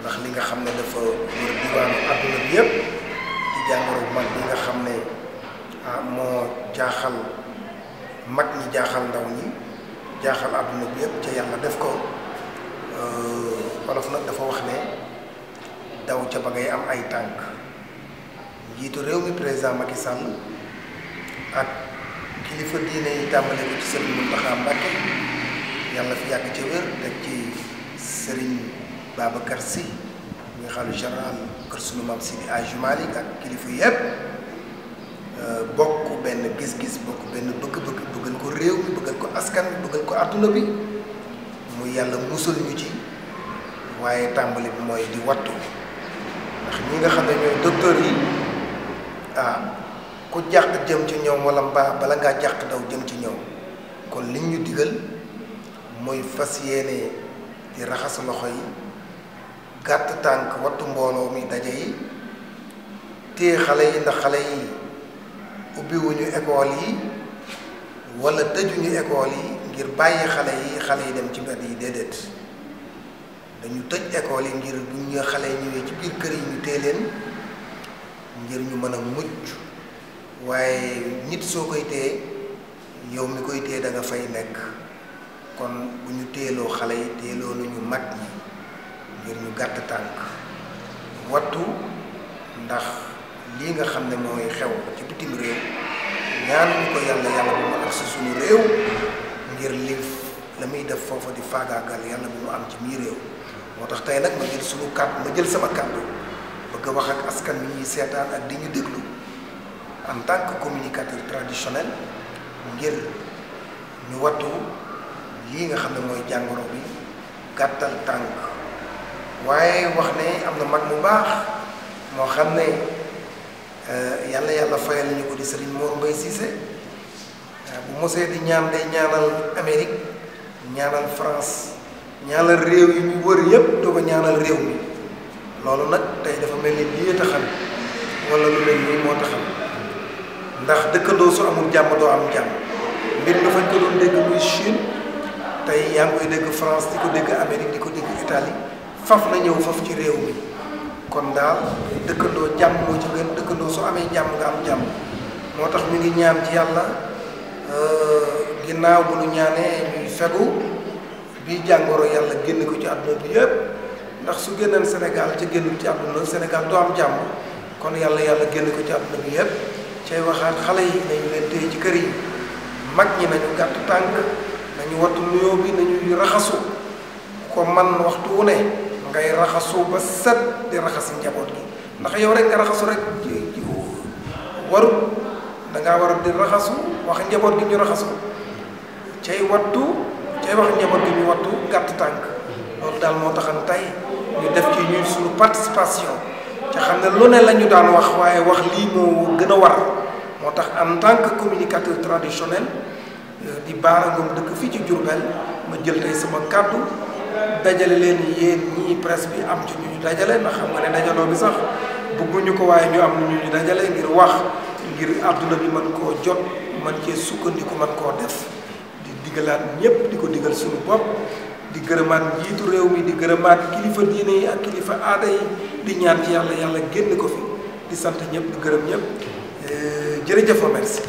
ndax li nga xam ne dafa wër diwaanu àdduna bi yépp di jàngoro mag bi nga xam ne ah moo jaaxal mag ñi jaaxal ndaw ñi jaaxal àdduna bi yépp ca yàlla def ko euh, wolof nag dafa wax ne daw ca ba ngay am ay tànk njiitu réew mi président Macky Sall ak kilifa diine yi tàmbale ko ci sëriñ Mountakha Mbacké yàlla fi yàgg ca wér teg ci sëriñ Babakarsi, Sy nga xam ne général kër sunu maam si Aju Malik ak kilifa yëpp euh, bokk benn gis-gis bokku benn bëgg-bëgg bëggal ko réew mi bëggal ko askan bi bëggal ko àdduna bi mu yàlla musal ñu ci waaye tàmbali bi mooy di wattu ndax ñi nga xam ne ñooy docteur yi ah ku jàq jëm ci ñoom wala mbaa bala ngaa jàq daw jëm ci ñoom kon liñ ñu digal mooy fas yéene di raxas loxo yi gàtt tànk wattu mbooloo mi daje yi téye xale yi ndax xale yi ubbiwuñu école yi wala tëjuñu école yi ngir bàyyi xale yi xale yi dem ci mbedd yi déedéet dañu tëj école yi ngir bu ñu xale yi ñëwee ci biir kër yi ñu téye leen ngir ñu mën a mucc waaye nit soo koy téye yow mi koy téye da fay nekk kon bu ñu téyeloo xale yi téyeloo nañu mag ñi ngir ñu gàtt tànk wattu ndax lii nga xam ne mooy xew ci bitim réew ñaan ñu ko yàlla yàlla bu mu ak si suñu réew ngir li la muy def foofa di faagaagal yàlla bu mu am ci mii réew moo tax tey nag ma jël suñu kàddu ma jël sama kàddu bëgg a wax ak askan wi seetaan ak di ñu déglu en tant que communicateur traditionnel ngir ñu wattu lii nga xam ne mooy jàngoro bi gàttal tànk waaye wax ne am na mag bu baax moo xam ne euh, yàlla yàlla fayal ñu ko di Serigne Mor Mbaye Cissé euh, bu mosee di ñaan day ñaanal Amérique ñaanal France ñaanal réew yi ñu wër yépp doo ko ñaanal réew mi loolu nag tey dafa mel ni lii taxal walla lu mel nii moo taxal ndax dëkkandoo su amul jàmm doo am jàmm mbir dafa ko dégg muy Chine tey yaa ngi koy dégg France di ko dégg Amérique di ko dégg Italie faf na ñëw faf ci réew mi kon daal dëkkandoo jàmm moo ci gën dëkkandoo soo amee jàmm nga am jàmm moo tax mu ngi ñaan ci yàlla euh, ginnaaw bu ñu ñaanee ñuy fegu bii jàngoro yàlla génn ko ci àdduna bi yëpp ndax su génneen senegal ci génnul ci àdduna Sénégal doo am jàmm kon yàlla yàlla génn ko ci àdduna bi yëpp cay waxaat xale yi nañu leen téye ci kër yi mag ñi nañu gàtt tànk nañu wattu nuyoo bi nañuy raxasu ko man waxtu wu ne ngay raxasu ba set di raxas njaboot gi ndax yow rek nga raxasu rek waru da ngaa war di raxasu wax njaboot gi ñu raxasu cay wattu cay wax njaboot gi ñu wattu gàtt tànk loolu daal moo taxan tey ñu def ci ñuy suñu participation ca xam ne lu ne la ñu daan wax waaye wax lii moo war en tant que communicateur traditionnel di baara dëkk ci ma jël sama kàddu dajale leen yéen ñii presse bi am ci ñu dajale ndax xam nga ne dajaloo bi sax bëgguñu ko ñu am ñu ñu dajale ngir wax ngir àdduna bi jot man cee sukkandiku man koo def di digalaat ko digal suñu bopp di gërëmaat njiitu réew mi di gërëmaat kilifa diine yi ak kilifa aada yi di ñaan ci yàlla yàlla kofi ko fi di sant nyep, di nyep. ñëpp eh, jërëjëf merci